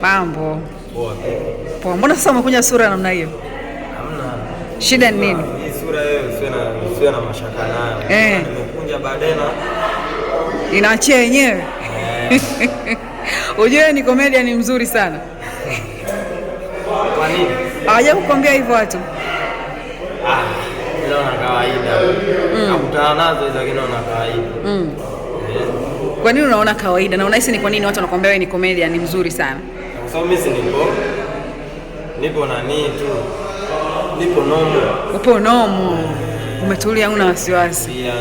Mambo poa. Mbona sasa umekunja sura namna hiyo? Hamna. Shida ni nini? Hii sura Wewe sio na na mashaka nayo. Eh. Nimekunja baadaye na inaachia yenyewe. Eh. Ujue ni comedian ni mzuri sana. Kwa nini? aje kukwambia hivyo watu? Ah, ndio na kawaida. Mm. Nakutana nazo hizo lakini na kawaida. mm. Eh. Kwa nini unaona kawaida na unahisi ni kwa nini watu wanakuambia wewe ni comedian ni mzuri sana? sababu mimi nipo nipo nanii tu nipo nomo. Upo nomo, umetulia, una wasiwasi? Yani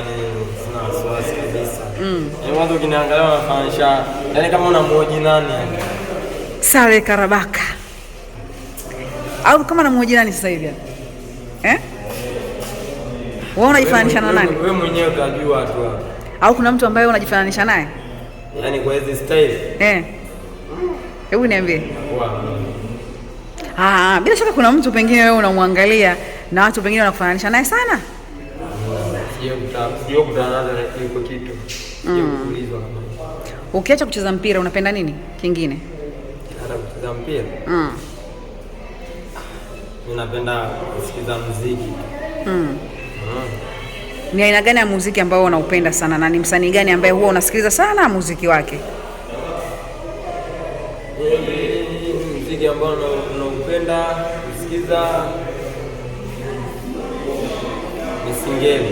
Sina wasiwasi kabisa. Mm. Yaani watu ukiniangalia wanafananisha, yaani kama una unamhoji nani? Sale Karabaka au kama na namhoji nani sasa hivi eh? Wewe unajifananisha na nani? Wewe mwenyewe utajua tu. Au kuna mtu ambaye unajifananisha naye? Yaani kwa hizi style. Eh. Hebu niambie. Ah, ah, bila shaka kuna mtu pengine wewe unamwangalia na watu pengine wanakufananisha naye sana. Mm. Ukiacha kucheza mpira unapenda nini kingine? Kucheza mpira. Mm. Ninapenda kusikiza muziki. Mm. Mm. Ni aina gani ya muziki ambao unaupenda sana na ni msanii gani ambaye huwa unasikiliza sana muziki wake? mziki ambao unaupenda kusikiza ni singeli.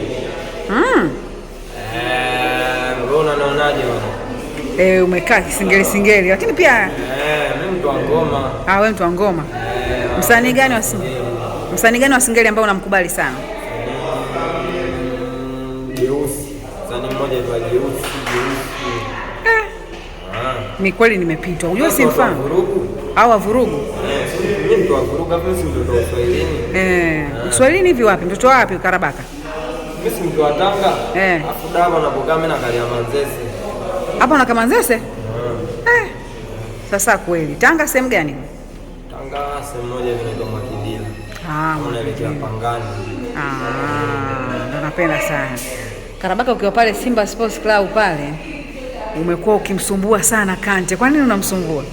Mm. Eh, naonaje wewe? Eh, umekaa kisingeli singeli lakini pia eh, mimi mtu wa ngoma. Ah, wewe mtu wa ngoma. Eh, msanii gani wa singeli? Msanii gani wa singeli ambao unamkubali sana? Mm, jeusi. Ni eh. ah. kweli nimepitwa. Unajua simfahamu au wavurugu uswahilini eh, eh, hivi? Wapi mtoto wapi? Karabaka hapa unakaa Manzese sasa kweli. Tanga sehemu gani? Tanga ah, ah, napenda sana Karabaka. Ukiwa pale Simba Sports Club pale umekuwa ukimsumbua sana Kante. Kwa nini unamsumbua?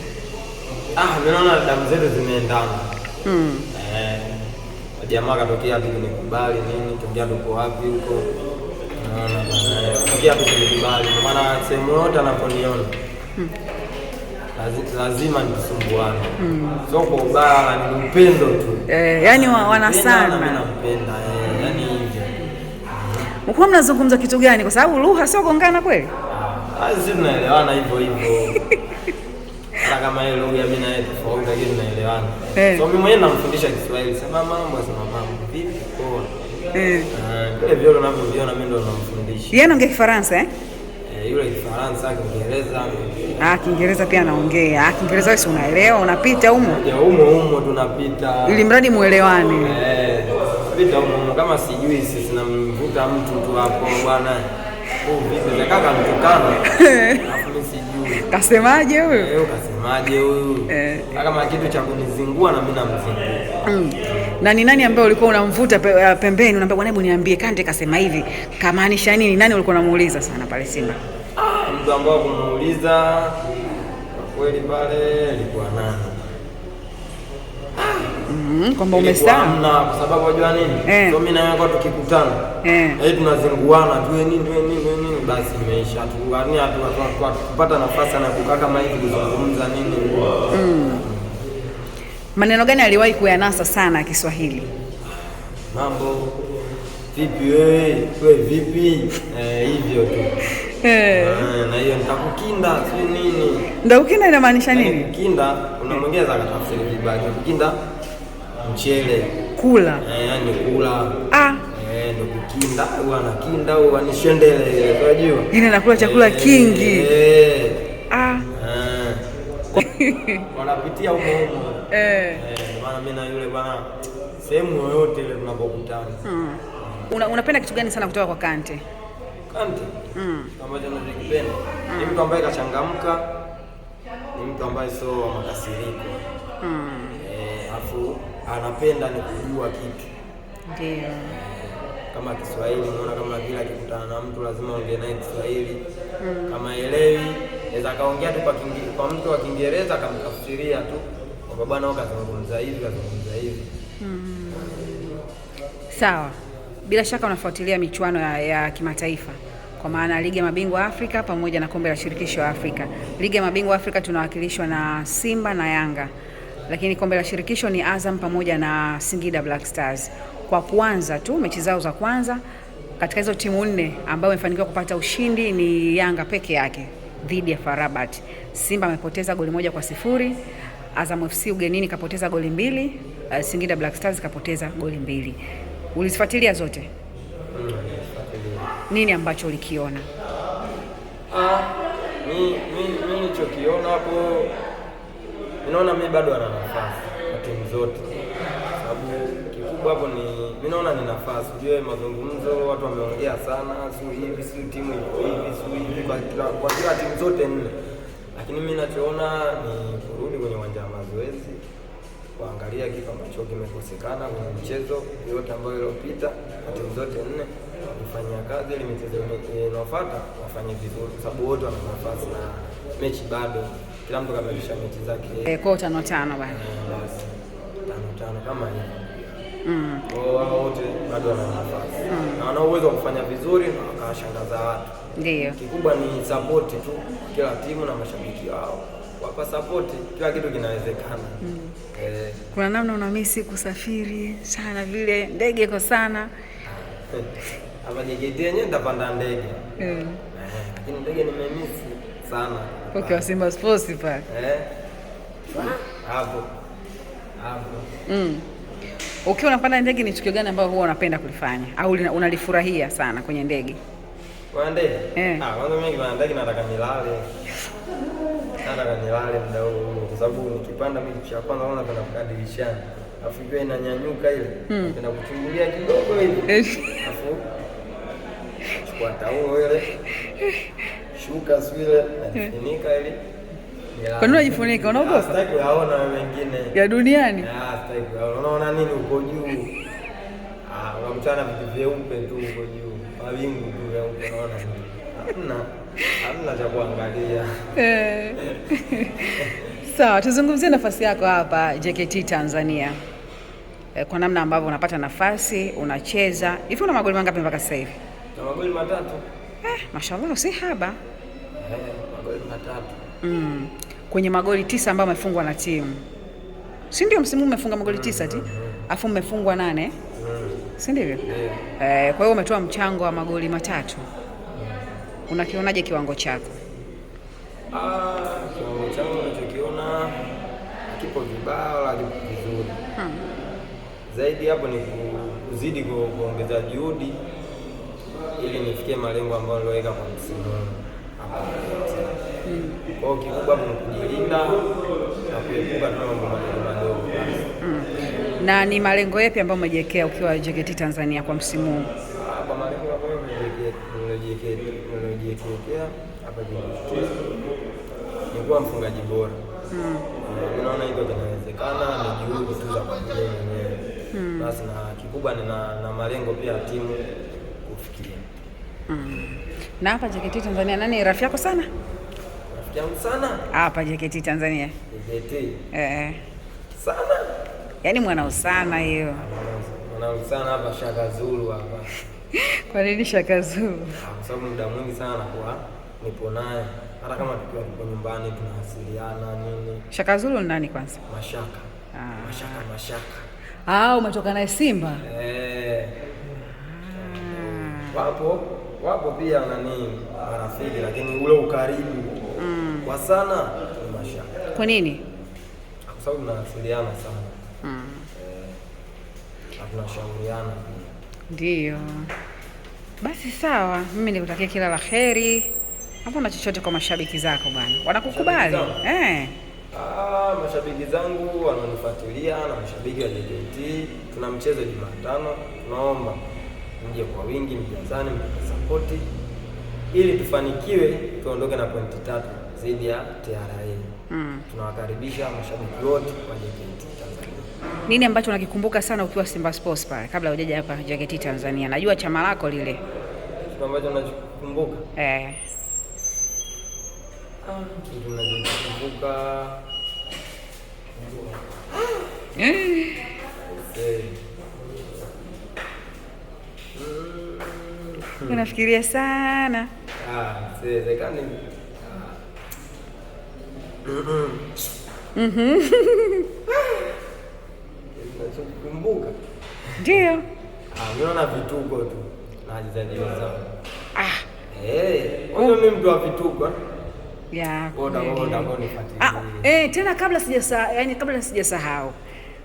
Ah, naona damu zetu zimeendana. Mm. Eh, jamaa katokea hadi kunikubali nini, tungia tuko wapi huko. Naona katokea eh, hadi kunikubali. Kwa maana sehemu yote anaponiona. Mm. Lazima nisumbuane. Mm. Sio kwa ubaya, ni upendo tu. Eh, yani wana sana. Nampenda. Eh, yani hivyo. Mko mnazungumza kitu gani? Kwa sababu lugha sio gongana kweli? Ah, sisi tunaelewana hivyo hivyo. kama ile lugha ya mimi na yeye tofauti, lakini tunaelewana. Eh. So mimi mwenyewe namfundisha Kiswahili, sema mama, sema mama, vipi poa. Eh. Ah, vile vile unavyoviona mimi ndo namfundisha. Yeye anaongea Kifaransa eh? eh yule Kifaransa, Kiingereza. Ah, Kiingereza pia anaongea. Ah, Kiingereza si unaelewa, unapita humo. Ya humo humo tunapita. Ili mradi muelewane. Eh. Pita humo kama sijui sisi namvuta mtu tu hapo bwana. Oh, kasemaje eh, huyu? Kasemaje huyu? Eh. Kama kitu cha kunizingua na mimi namzingua. Mm. Na ni nani ambaye ulikuwa unamvuta pe, eh, pembeni unaambia bwana, hebu niambie Kante kasema hivi, kamaanisha nini? Nani ulikuwa unamuuliza sana pale Simba? Ah, mtu ambaye kumuuliza kweli pale alikuwa nani? Mm, kwamba umestaa kwa sababu unajua nini? Eh. So mimi na wewe tukikutana eh, eh tunazinguana tu nini nini nini, basi imeisha tu, yani kupata nafasi na kukaa kama hivi kuzungumza nini. Mm. Maneno gani aliwahi kuyanasa sana ya Kiswahili? Mambo vipi wewe, wewe vipi? Eh, hivyo tu. Eh. eh na hiyo nitakukinda si nini? Ndio ukinda inamaanisha nini? Kinda unamwongeza akatafsiri vibaya. kukinda mchele kula eh, ni kula ah eh, ndo kukinda bwana, anakinda au anishendele, unajua yani nakula chakula eh, kingi eh, ah wanapitia huko huko eh. eh, maana mimi na yule bwana sehemu yoyote ile tunapokutana. mm. Una, unapenda kitu gani sana kutoka kwa Kante? Kante mm. ambacho ninachokipenda ni hmm. mtu ambaye kachangamka, ni mtu ambaye sio makasiriko mm anapenda ni kujua kitu ndio kama Kiswahili unaona, kama vile akikutana na mtu lazima ongee naye Kiswahili mm. Kama elewi aweza kaongea tu kwa Kiingereza, kwa mtu wa Kiingereza akamtafsiria tu kwamba bwana wao kazungumza hivi kazungumza hivi mm. Sawa, bila shaka unafuatilia michuano ya, ya kimataifa kwa maana ligi ya mabingwa Afrika pamoja na kombe la shirikisho Afrika. Ligi ya mabingwa Afrika tunawakilishwa na Simba na Yanga lakini kombe la shirikisho ni Azam pamoja na Singida Black Stars kwa kuanza tu mechi zao za kwanza. Katika hizo timu nne ambayo imefanikiwa kupata ushindi ni Yanga peke yake dhidi ya Farabat. Simba amepoteza goli moja kwa sifuri. Azam FC ugenini kapoteza goli mbili. Uh, Singida Black Stars kapoteza goli mbili. Ulizifuatilia zote? Mm, Nini ambacho ulikiona? Ah, mimi mimi nilichokiona hapo naona mimi bado ana nafasi na timu zote, sababu kikubwa hapo ni mimi naona ni nafasi. Ujue mazungumzo watu wameongea sana, siu hivi siu timu iko hivi siu hivi, kwa kila timu zote nne, lakini mimi nachoona ni kurudi kwenye uwanja wa mazoezi kuangalia kitu ambacho kimekosekana kwenye mchezo yote ambayo iliyopita na timu zote nne, kufanya kazi ili michezo inayofuata wafanye vizuri, kwa sababu wote wana nafasi na mechi bado kila mtu mechi zake eh, kwa tano tano tano tano kama mm. wao wote bado wana nafasi mm. na wana uwezo wa kufanya vizuri na wakawashangaza watu. Ndio kikubwa ni support tu, kila timu na mashabiki wao wapa support, kila kitu kinawezekana. mm. Eh, kuna namna unamisi kusafiri sana vile ndege iko sana hapa yenyewe nitapanda ndege mm. Eh, lakini mm. ndege nimemisi sana kwa Simba Sports pale. Eh. Hapo. Hapo. Mm. Ukiwa unapanda ndege ni tukio gani ambalo huwa unapenda kulifanya au unalifurahia sana kwenye ndege? Kwa ndege? Eh. Ah, kwanza mimi kwa ndege nataka nilale. Nataka nilale muda huo kwa sababu nikipanda mimi cha kwanza naona kuna kadirishana. Alafu pia inanyanyuka ile, mm. Napenda kuchungulia kidogo hivi. Eh. Alafu Kwa taulo ile. shuka siile najifunika ili kwa nini unajifunika? Unaogopa? Sitaki kuyaona mengine ya duniani. Sitaki kuyaona. Unaona nini huko juu? Ah, unakutana vitu vyeupe tu huko juu, mawingu tu vyeupe, unaona hamna hamna cha kuangalia. Eh. Sawa, tuzungumzie nafasi yako hapa JKT Tanzania, eh, kwa namna ambavyo unapata nafasi unacheza hivi. Una magoli mangapi mpaka sasa hivi? Na magoli matatu. Eh, mashallah si haba tatu mm. kwenye magoli tisa ambayo amefungwa na timu, si ndio? Msimu umefunga magoli mm, tisa ti mm, mm. afu mmefungwa nane, si ndivyo? yeah. Eh, kwa hiyo umetoa mchango wa magoli matatu, unakionaje kiwango chako? Ah, kiwango changu nachokiona kipo vibaya wala vizuri hmm. Zaidi hapo ni kuzidi kuongeza juhudi ili nifikie malengo ambayo niliweka kwa msimu hapa. Kwa hiyo kikubwa ni kujilinda na kuepuka tu mambo madogo madogo. Mm. Na ni malengo yapi ambayo umejiwekea ukiwa JKT Tanzania kwa msimu huu? Ah, kwa malengo ambayo nimejiwekea hapa ni kuwa mfungaji bora. Mm. Naona hivyo kinawezekana ni juhudi tu za kujilia mwenyewe mm. basi, na kikubwa na malengo pia ya timu kufikia. Na hapa JKT Tanzania, nani rafiki yako sana? Down sana. Hapa JKT Tanzania. JKT. Eh. Sana. Yaani mwana usana hiyo. Mwana usana hapa Shaka Zulu hapa. Kwa nini Shaka Zulu? Ah, kwa sababu muda mwingi sana kwa nipo naye. Hata kama tukiwa tuko nyumbani tunawasiliana nini. Shaka Zulu ni nani kwanza? Mashaka. Ah. Mashaka Mashaka. Ah, umetoka naye Simba? Eh. Ah. Wapo wapo pia nani marafiki lakini ule ukaribu kwa sana ni mashaka. Kwa nini? Kwa sababu tunawasiliana sana, hmm. eh, tunashauriana ndio Basi sawa, mimi nikutakia kila la heri. na chochote kwa mashabiki zako bwana, wanakukubali eh? Ah, mashabiki zangu wananifuatilia na mashabiki wa JKT. Tuna mchezo Jumatano, tunaomba mje kwa wingi, mjazani, mjasapoti ili tufanikiwe tuondoke na pointi tatu dhidi ya TRA. Mm. Tunawakaribisha mashabiki wote wa JKT Tanzania. Nini ambacho unakikumbuka sana ukiwa Simba Sports pale kabla hujaja hapa JKT Tanzania? Najua chama lako lile. Kitu ambacho unakikumbuka? Eh. Ah, kitu unakikumbuka? Eh. Unafikiria sana. Ah, sasa kani kumbuka ndio na vituko tu ah. eh, mimi mtu wa vituko ah, eh, tena, kabla sijasa yani, kabla sijasahau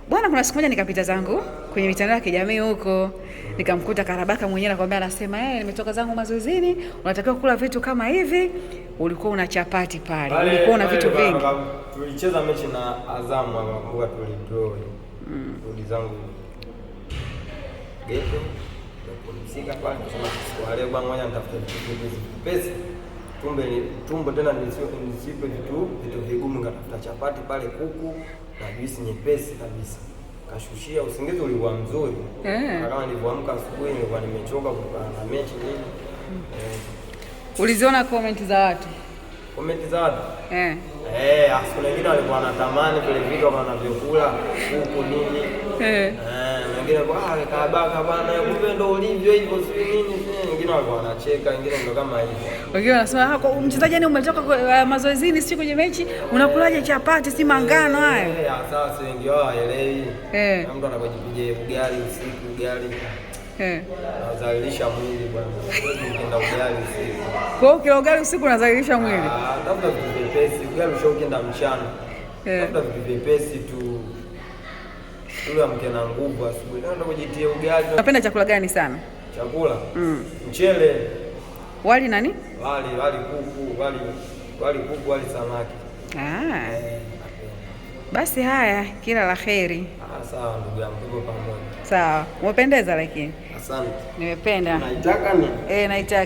bwana, kuna siku moja nikapita zangu kwenye mitandao ya kijamii huko nikamkuta Karabaka mwenyewe anakwambia, anasema eh, nimetoka zangu mazoezini, unatakiwa kula vitu kama hivi. Ulikuwa una chapati pale, ulikuwa una vitu vingi. Tulicheza mechi na azamu ambapo tulidraw rudi zangu geto kupumzika pale, kwa leo bwana, ngoja nitafute pesa tumbe tumbo tena nisipe vitu vitu vigumu, ngatafuta chapati pale, kuku na juisi nyepesi kabisa kashushia usingizi ulikuwa mzuri yeah. Kama nilivyoamka asubuhi nilikuwa nimechoka kutokana na mechi nini. mm. Eh. Uliziona komenti za watu? Komenti za watu eh, eh, siku nyingine walikuwa wanatamani vile vitu wanavyokula huko nini eh, eh wengine kwa ah, kabaka bana, kumbe ndo ulivyo hivyo, si nini wengine walikuwa wanacheka, wengine ndio kama hivyo. Wengine wanasema ah, mchezaji, umetoka eh, mazoezini, si kwenye mechi, unakulaje chapati? Si mangano hayo. Sasa eh, wengi wao haelewi, eh. mtu anakojipigia ugali usiku, ugali mwili bwana, ugali usiku. Kwa hiyo kila ugali usiku unazalisha mwili, ah, tafuta Ugali mchana, tu ule amke na nguvu asubuhi, ndio ugali. chakula gani sana? chakula mm. mchele, wali nani, wali wali kuku, wali wali kuku, wali samaki. Ah. Eh, basi haya, kila la heri. Ah, sawa ndugu yangu, tuko pamoja. Sawa, umependeza lakini. Asante. Nimependa. Naitaka ni? Eh, naitaka.